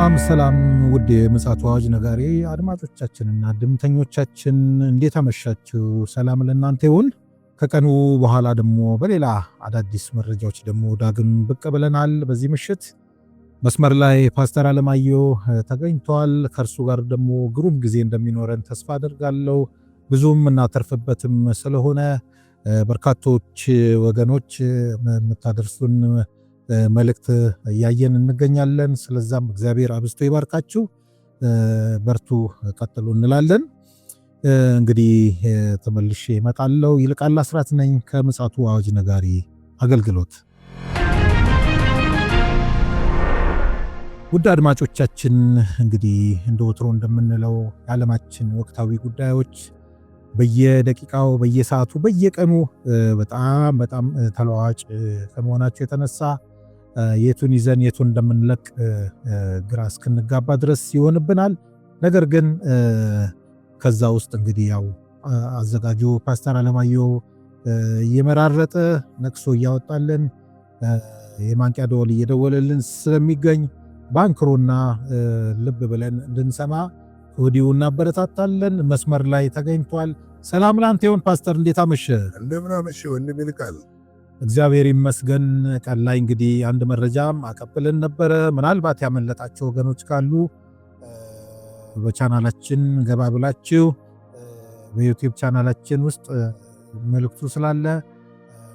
ሰላም ሰላም ውድ የምፅዓቱ አዋጅ ነጋሪ አድማጮቻችንና ድምተኞቻችን እንዴት አመሻችሁ? ሰላም ለእናንተ ይሁን። ከቀኑ በኋላ ደግሞ በሌላ አዳዲስ መረጃዎች ደግሞ ዳግም ብቅ ብለናል። በዚህ ምሽት መስመር ላይ ፓስተር አለማየሁ ተገኝተዋል። ከእርሱ ጋር ደግሞ ግሩም ጊዜ እንደሚኖረን ተስፋ አደርጋለሁ። ብዙም እናተርፍበትም ስለሆነ በርካቶች ወገኖች የምታደርሱን መልእክት እያየን እንገኛለን። ስለዛም እግዚአብሔር አብዝቶ ይባርካችሁ፣ በርቱ፣ ቀጥሉ እንላለን። እንግዲህ ተመልሼ እመጣለሁ። ይልቃል አስራት ነኝ ከምፅዓቱ አዋጅ ነጋሪ አገልግሎት። ውድ አድማጮቻችን እንግዲህ እንደ ወትሮ እንደምንለው የዓለማችን ወቅታዊ ጉዳዮች በየደቂቃው በየሰዓቱ በየቀኑ በጣም በጣም ተለዋዋጭ ከመሆናቸው የተነሳ የቱን ይዘን የቱን እንደምንለቅ ግራ እስክንጋባ ድረስ ይሆንብናል። ነገር ግን ከዛ ውስጥ እንግዲህ ያው አዘጋጁ ፓስተር አለማየሁ እየመራረጠ ነቅሶ እያወጣልን የማንቂያ ደወል እየደወለልን ስለሚገኝ ባንክሮና ልብ ብለን እንድንሰማ ወዲሁ እናበረታታለን። መስመር ላይ ተገኝቷል። ሰላም ላንተ ይሁን ፓስተር፣ እንዴት አመሸ? እንደምን አመሸ ወንድም ይልቃል። እግዚአብሔር ይመስገን። ቀን ላይ እንግዲህ አንድ መረጃም አቀብልን ነበረ። ምናልባት ያመለጣቸው ወገኖች ካሉ በቻናላችን ገባ ብላችሁ በዩቲዩብ ቻናላችን ውስጥ መልእክቱ ስላለ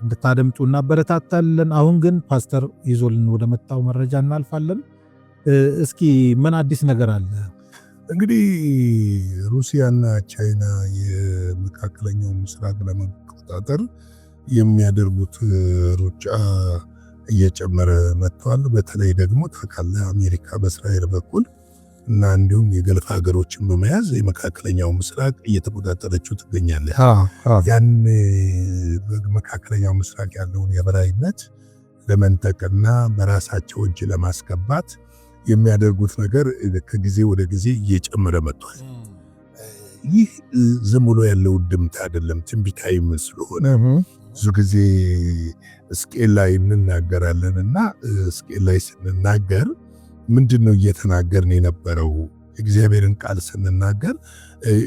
እንድታደምጡ እናበረታታለን። አሁን ግን ፓስተር ይዞልን ወደ መጣው መረጃ እናልፋለን። እስኪ ምን አዲስ ነገር አለ? እንግዲህ ሩሲያና ቻይና የመካከለኛው ምስራቅ ለመቆጣጠር የሚያደርጉት ሩጫ እየጨመረ መጥተዋል። በተለይ ደግሞ ታካለ አሜሪካ በእስራኤል በኩል እና እንዲሁም የገልፍ ሀገሮችን በመያዝ የመካከለኛው ምስራቅ እየተቆጣጠረችው ትገኛለች። ያን መካከለኛው ምስራቅ ያለውን የበላይነት ለመንጠቅና በራሳቸው እጅ ለማስገባት የሚያደርጉት ነገር ከጊዜ ወደ ጊዜ እየጨመረ መጥቷል። ይህ ዝም ብሎ ያለው ድምታ አይደለም፣ ትንቢታዊም ስለሆነ ብዙ ጊዜ ስቅል ላይ እንናገራለን እና ስቅል ላይ ስንናገር ምንድን ነው እየተናገርን የነበረው? እግዚአብሔርን ቃል ስንናገር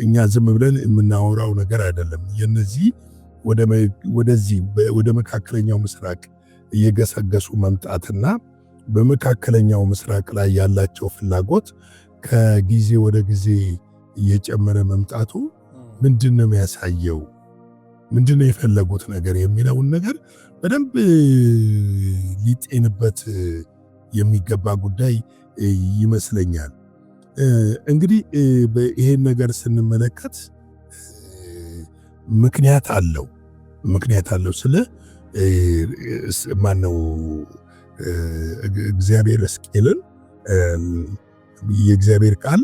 እኛ ዝም ብለን የምናወራው ነገር አይደለም። የነዚህ ወደዚህ ወደ መካከለኛው ምስራቅ እየገሰገሱ መምጣትና በመካከለኛው ምስራቅ ላይ ያላቸው ፍላጎት ከጊዜ ወደ ጊዜ እየጨመረ መምጣቱ ምንድን ነው የሚያሳየው? ምንድነው የፈለጉት ነገር የሚለውን ነገር በደንብ ሊጤንበት የሚገባ ጉዳይ ይመስለኛል። እንግዲህ ይሄን ነገር ስንመለከት ምክንያት አለው። ምክንያት አለው ስለ ማነው እግዚአብሔር እስቄልን የእግዚአብሔር ቃል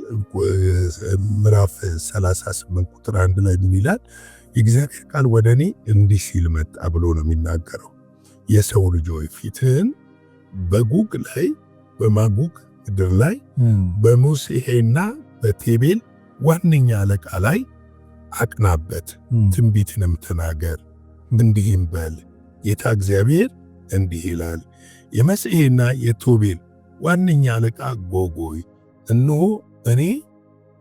ምዕራፍ 38 ቁጥር አንድ ላይ ምን ይላል? የእግዚአብሔር ቃል ወደ እኔ እንዲህ ሲል መጣ ብሎ ነው የሚናገረው። የሰው ልጅ ፊትህን በጉግ ላይ በማጉግ ምድር ላይ በሙሴሄና በቴቤል ዋነኛ አለቃ ላይ አቅናበት፣ ትንቢትንም ተናገር፣ እንዲህም በል ጌታ እግዚአብሔር እንዲህ ይላል የመስሄና የቶቤል ዋነኛ አለቃ ጎጎይ፣ ሆይ እነሆ እኔ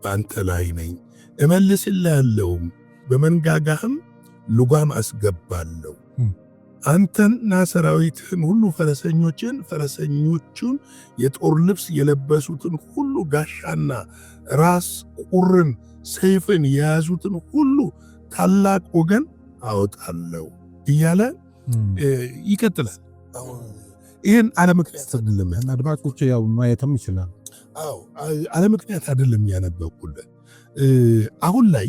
በአንተ ላይ ነኝ፣ እመልስልሃለሁም በመንጋጋህም ልጓም አስገባለሁ አንተና ሰራዊትህን ሁሉ ፈረሰኞችን ፈረሰኞቹን የጦር ልብስ የለበሱትን ሁሉ ጋሻና ራስ ቁርን ሰይፍን የያዙትን ሁሉ ታላቅ ወገን አወጣለሁ እያለ ይቀጥላል። ይህን አለምክንያት አይደለም አድማጮች ያው ማየትም ይችላል። አዎ አለምክንያት አይደለም ያነበብኩለት አሁን ላይ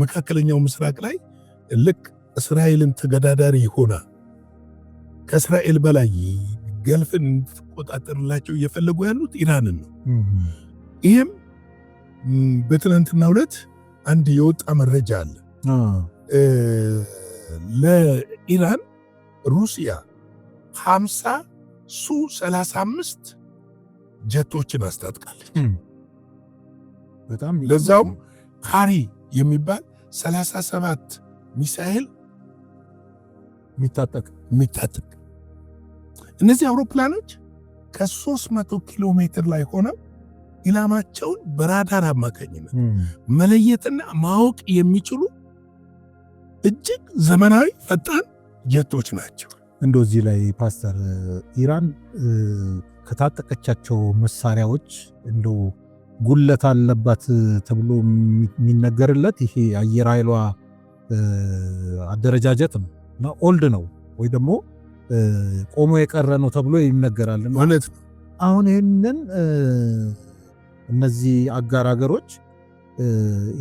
መካከለኛው ምስራቅ ላይ ልክ እስራኤልን ተገዳዳሪ ሆነ ከእስራኤል በላይ ገልፍን እንድትቆጣጠርላቸው እየፈለጉ ያሉት ኢራንን ነው። ይህም በትናንትና ሁለት አንድ የወጣ መረጃ አለ። ለኢራን ሩሲያ 50 ሱ 35 ጀቶችን አስታጥቃለች። በጣም ለዛውም ካሪ የሚባል 37 ሚሳኤል የሚታጠቅ የሚታጠቅ እነዚህ አውሮፕላኖች ከ300 ኪሎ ሜትር ላይ ሆነው ኢላማቸውን በራዳር አማካኝነት መለየትና ማወቅ የሚችሉ እጅግ ዘመናዊ ፈጣን ጀቶች ናቸው። እንደዚህ ላይ ፓስተር ኢራን ከታጠቀቻቸው መሳሪያዎች እንደው ጉለት አለባት ተብሎ የሚነገርለት ይሄ አየር ኃይሏ አደረጃጀት ነው እና ኦልድ ነው ወይ ደግሞ ቆሞ የቀረ ነው ተብሎ ይነገራል ማለት አሁን ይህንን እነዚህ አጋር ሀገሮች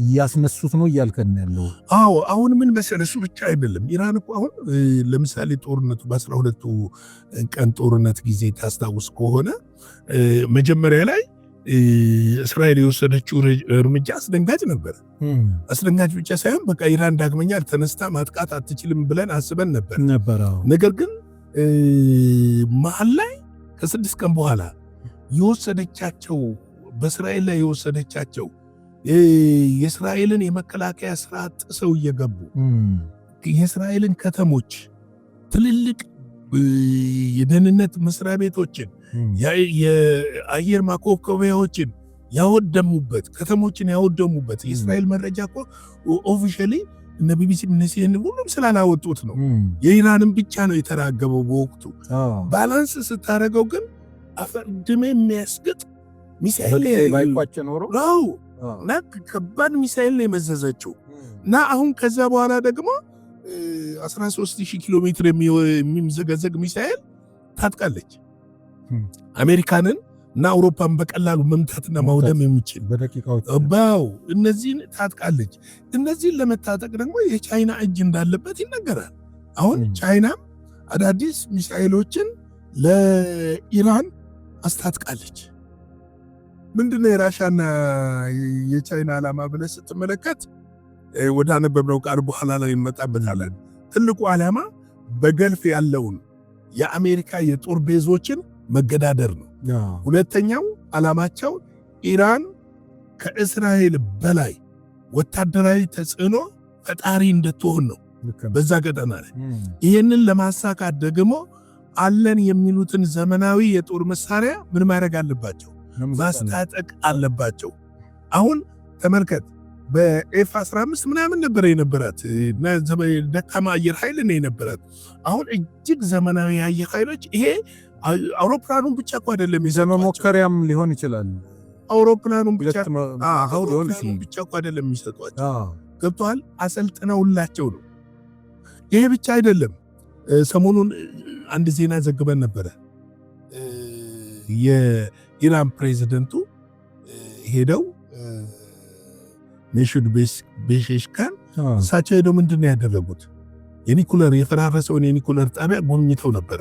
እያስነሱት ነው እያልከን ያለው? አዎ አሁን ምን መሰለህ፣ እሱ ብቻ አይደለም። ኢራን እኮ አሁን ለምሳሌ ጦርነቱ በአስራ ሁለቱ ቀን ጦርነት ጊዜ ታስታውስ ከሆነ መጀመሪያ ላይ እስራኤል የወሰደችው እርምጃ አስደንጋጭ ነበር። አስደንጋጭ ብቻ ሳይሆን በቃ ኢራን ዳግመኛ ተነስታ ማጥቃት አትችልም ብለን አስበን ነበር ነበር ነገር ግን መሀል ላይ ከስድስት ቀን በኋላ የወሰደቻቸው በእስራኤል ላይ የወሰደቻቸው የእስራኤልን የመከላከያ ስራ ጥሰው እየገቡ የእስራኤልን ከተሞች ትልልቅ የደህንነት መስሪያ ቤቶችን የአየር ማኮብኮቢያዎችን ያወደሙበት ከተሞችን ያወደሙበት የእስራኤል መረጃ እኮ ኦፊሻሊ እነ ቢቢሲ እነሲን ሁሉም ስላላወጡት ነው። የኢራንን ብቻ ነው የተራገበው በወቅቱ። ባላንስ ስታደረገው ግን አፈር የሚያስግጥ ሚሳኤል እና ከባድ ሚሳኤል ነው የመዘዘችው። እና አሁን ከዛ በኋላ ደግሞ 13 ኪሎ ሜትር የሚዘገዘግ ሚሳኤል ታጥቃለች። አሜሪካንን እና አውሮፓን በቀላሉ መምታትና ማውደም የሚችል በው እነዚህን ታጥቃለች። እነዚህን ለመታጠቅ ደግሞ የቻይና እጅ እንዳለበት ይነገራል። አሁን ቻይናም አዳዲስ ሚሳኤሎችን ለኢራን አስታጥቃለች። ምንድነው የራሻና የቻይና ዓላማ ብለ ስትመለከት ወደ አነበብነው ቃል በኋላ ላይ እንመጣበታለን። ትልቁ ዓላማ በገልፍ ያለውን የአሜሪካ የጦር ቤዞችን መገዳደር ነው። ሁለተኛው ዓላማቸው ኢራን ከእስራኤል በላይ ወታደራዊ ተጽዕኖ ፈጣሪ እንድትሆን ነው በዛ ቀጠና ላይ። ይህንን ለማሳካት ደግሞ አለን የሚሉትን ዘመናዊ የጦር መሳሪያ ምን ማድረግ አለባቸው? ማስታጠቅ አለባቸው። አሁን ተመልከት በኤፍ 15 ምናምን ነበረ የነበራት ደካማ አየር ኃይል ነው የነበራት። አሁን እጅግ ዘመናዊ አየር ኃይሎች ይሄ አውሮፕላኑን ብቻ እኮ አይደለም ዘመሞከሪያም ሊሆን ይችላል። አውሮፕላኑን ብቻ ብቻ እኮ አይደለም የሚሰጧቸው ገብተዋል። አሰልጥነውላቸው ነው። ይሄ ብቻ አይደለም። ሰሞኑን አንድ ዜና ዘግበን ነበረ። የኢራን ፕሬዚደንቱ ሄደው ሜሹድ ቤሽሽካን እሳቸው ሄደው ምንድን ነው ያደረጉት? የኒኩለር የፈራረሰውን የኒኩለር ጣቢያ ጎብኝተው ነበር።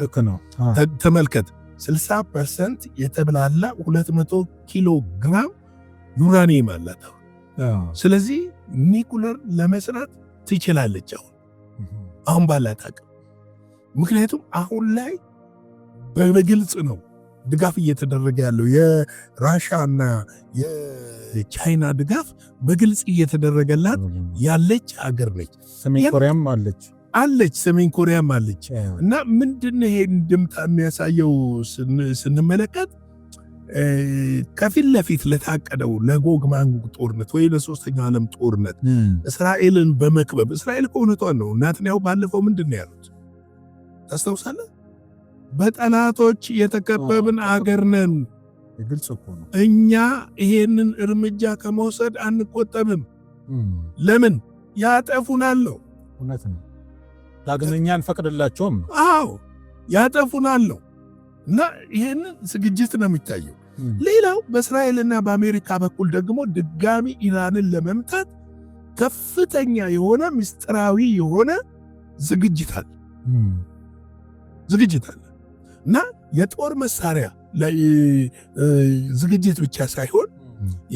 ተመልከት 60 ፐርሰንት የተብላላ 200 ኪሎ ግራም ዩራኒየም አላት። ስለዚህ ኒኩለር ለመስራት ትችላለች አሁን አሁን ባላት አቅም። ምክንያቱም አሁን ላይ በግልጽ ነው ድጋፍ እየተደረገ ያለው የራሻ እና የቻይና ድጋፍ በግልጽ እየተደረገላት ያለች ሀገር ነች። ሰሜን ኮሪያም አለች። አለች ሰሜን ኮሪያም አለች። እና ምንድን ይሄ ድምጣ የሚያሳየው ስንመለከት ከፊት ለፊት ለታቀደው ለጎግ ማጎግ ጦርነት ወይ ለሶስተኛው ዓለም ጦርነት እስራኤልን በመክበብ እስራኤል ከእውነቷን ነው። ናትንያሁ ባለፈው ምንድን ያሉት ታስታውሳለህ? በጠላቶች የተከበብን አገር ነን። እኛ ይሄንን እርምጃ ከመውሰድ አንቆጠብም። ለምን ያጠፉናል ነው ዳግመኛ አንፈቅድላቸውም። አዎ ያጠፉናል እና ይህንን ዝግጅት ነው የሚታየው። ሌላው በእስራኤልና በአሜሪካ በኩል ደግሞ ድጋሚ ኢራንን ለመምታት ከፍተኛ የሆነ ምስጢራዊ የሆነ ዝግጅት አለ ዝግጅት አለ እና የጦር መሳሪያ ዝግጅት ብቻ ሳይሆን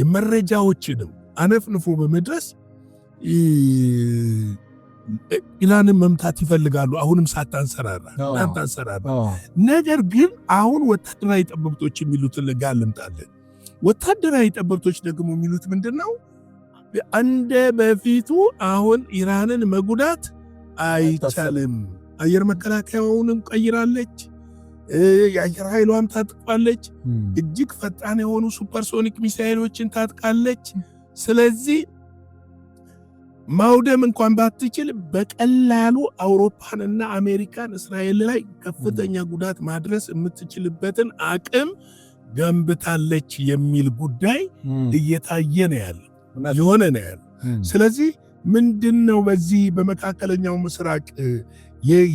የመረጃዎችንም አነፍንፎ በመድረስ ኢራንን መምታት ይፈልጋሉ። አሁንም ሳታንሰራራ ሳታንሰራራ። ነገር ግን አሁን ወታደራዊ ጠበብቶች የሚሉትን ጋር ልምጣለን። ወታደራዊ ጠበብቶች ደግሞ የሚሉት ምንድን ነው? እንደ በፊቱ አሁን ኢራንን መጉዳት አይቻልም። አየር መከላከያውንም ቀይራለች፣ የአየር ኃይሏም ታጥቋለች፣ እጅግ ፈጣን የሆኑ ሱፐርሶኒክ ሚሳይሎችን ታጥቃለች። ስለዚህ ማውደም እንኳን ባትችል በቀላሉ አውሮፓንና አሜሪካን እስራኤል ላይ ከፍተኛ ጉዳት ማድረስ የምትችልበትን አቅም ገንብታለች የሚል ጉዳይ እየታየ ነው ያለ የሆነ ነው ያለ። ስለዚህ ምንድን ነው በዚህ በመካከለኛው ምስራቅ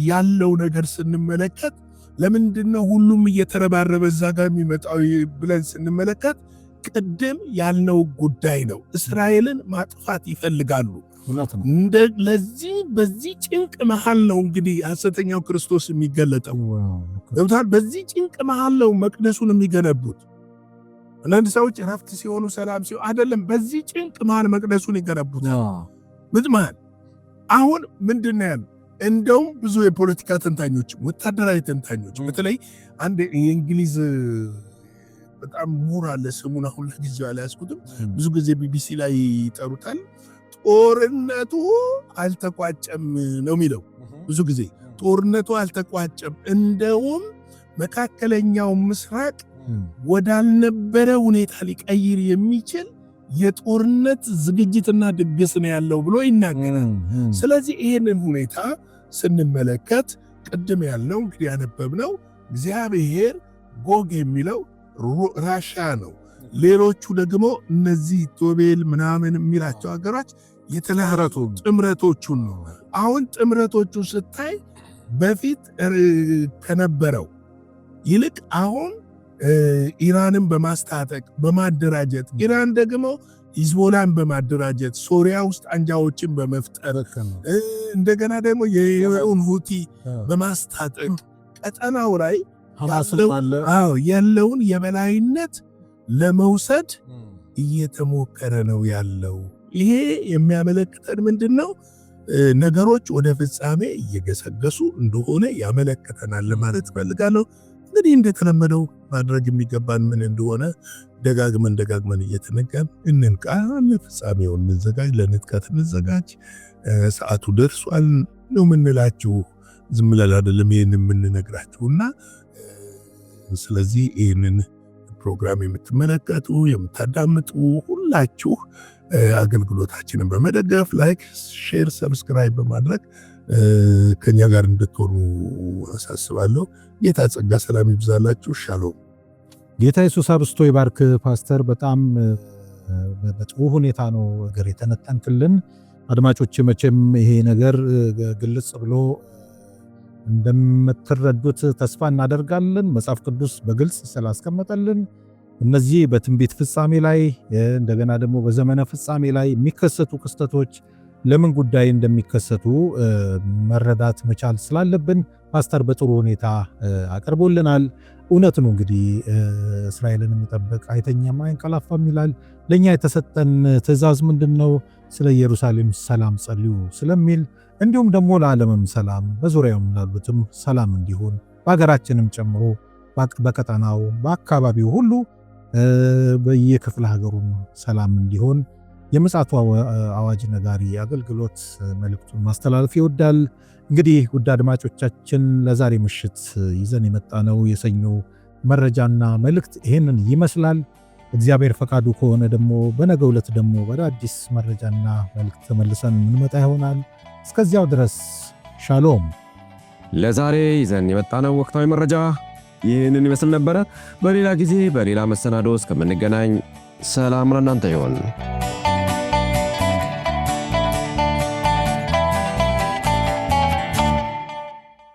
ያለው ነገር ስንመለከት ለምንድን ነው ሁሉም እየተረባረበ እዛ ጋር የሚመጣው ብለን ስንመለከት ቅድም ያልነው ጉዳይ ነው። እስራኤልን ማጥፋት ይፈልጋሉ። ለዚህ በዚህ ጭንቅ መሃል ነው እንግዲህ ሐሰተኛው ክርስቶስ የሚገለጠው በዚህ ጭንቅ መሃል ነው መቅደሱን የሚገነቡት። አንዳንድ ሰዎች ረፍት ሲሆኑ ሰላም ሲሆኑ አይደለም፣ በዚህ ጭንቅ መሃል መቅደሱን ይገነቡት። ምጥማል አሁን ምንድን ነው እንደውም ብዙ የፖለቲካ ተንታኞች፣ ወታደራዊ ተንታኞች በተለይ አንድ የእንግሊዝ በጣም ምሁር አለ። ስሙን አሁን ለጊዜው አልያዝኩትም። ብዙ ጊዜ ቢቢሲ ላይ ይጠሩታል። ጦርነቱ አልተቋጨም ነው የሚለው። ብዙ ጊዜ ጦርነቱ አልተቋጨም፣ እንደውም መካከለኛው ምስራቅ ወዳልነበረ ሁኔታ ሊቀይር የሚችል የጦርነት ዝግጅትና ድግስ ነው ያለው ብሎ ይናገራል። ስለዚህ ይህንን ሁኔታ ስንመለከት ቅድም ያለው እንግዲህ ያነበብነው እግዚአብሔር ጎግ የሚለው ራሻ ነው። ሌሎቹ ደግሞ እነዚህ ቶቤል ምናምን የሚላቸው ሀገሮች የተለህረቱ ጥምረቶቹን ነው። አሁን ጥምረቶቹ ስታይ በፊት ከነበረው ይልቅ አሁን ኢራንን በማስታጠቅ በማደራጀት ኢራን ደግሞ ሂዝቦላን በማደራጀት ሶሪያ ውስጥ አንጃዎችን በመፍጠር እንደገና ደግሞ የየመኑን ሁቲ በማስታጠቅ ቀጠናው ላይ ያለውን የበላይነት ለመውሰድ እየተሞከረ ነው ያለው። ይሄ የሚያመለክተን ምንድን ነው? ነገሮች ወደ ፍጻሜ እየገሰገሱ እንደሆነ ያመለክተናል ለማለት እፈልጋለሁ። እንግዲህ እንደተለመደው ማድረግ የሚገባን ምን እንደሆነ ደጋግመን ደጋግመን እየተነጋን እንንቃ፣ ለፍጻሜው እንዘጋጅ፣ ለንጥቀት እንዘጋጅ፣ ሰዓቱ ደርሷል ነው የምንላችሁ። ዝም ብለን አይደለም ይህን የምንነግራችሁና ስለዚህ ይህንን ፕሮግራም የምትመለከቱ የምታዳምጡ ሁላችሁ አገልግሎታችንን በመደገፍ ላይክ፣ ሼር፣ ሰብስክራይብ በማድረግ ከኛ ጋር እንድትሆኑ አሳስባለሁ። ጌታ ጸጋ ሰላም ይብዛላችሁ። ሻሎም። ጌታ ኢየሱስ አብስቶ ይባርክ። ፓስተር፣ በጣም በጥሩ ሁኔታ ነው ነገር የተነጠንክልን። አድማጮች መቼም ይሄ ነገር ግልጽ ብሎ እንደምትረዱት ተስፋ እናደርጋለን። መጽሐፍ ቅዱስ በግልጽ ስላስቀመጠልን እነዚህ በትንቢት ፍጻሜ ላይ እንደገና ደግሞ በዘመነ ፍጻሜ ላይ የሚከሰቱ ክስተቶች ለምን ጉዳይ እንደሚከሰቱ መረዳት መቻል ስላለብን ፓስተር በጥሩ ሁኔታ አቅርቦልናል። እውነት ነው እንግዲህ እስራኤልን የሚጠብቅ አይተኛም አይንቀላፋም ይላል። ለእኛ የተሰጠን ትእዛዝ ምንድን ነው? ስለ ኢየሩሳሌም ሰላም ጸልዩ ስለሚል እንዲሁም ደግሞ ለዓለምም ሰላም በዙሪያውም ላሉትም ሰላም እንዲሆን በሀገራችንም ጨምሮ በቀጠናው በአካባቢው ሁሉ በየክፍለ ሀገሩም ሰላም እንዲሆን የምፅዓቱ አዋጅ ነጋሪ አገልግሎት መልእክቱን ማስተላለፍ ይወዳል። እንግዲህ ውድ አድማጮቻችን ለዛሬ ምሽት ይዘን የመጣነው የሰኞ መረጃና መልእክት ይህንን ይመስላል። እግዚአብሔር ፈቃዱ ከሆነ ደግሞ በነገ ዕለት ደግሞ ወደ አዲስ መረጃና መልእክት ተመልሰን የምንመጣ ይሆናል። እስከዚያው ድረስ ሻሎም። ለዛሬ ይዘን የመጣነው ወቅታዊ መረጃ ይህንን ይመስል ነበረ። በሌላ ጊዜ በሌላ መሰናዶ እስከምንገናኝ ሰላም ለእናንተ ይሆን።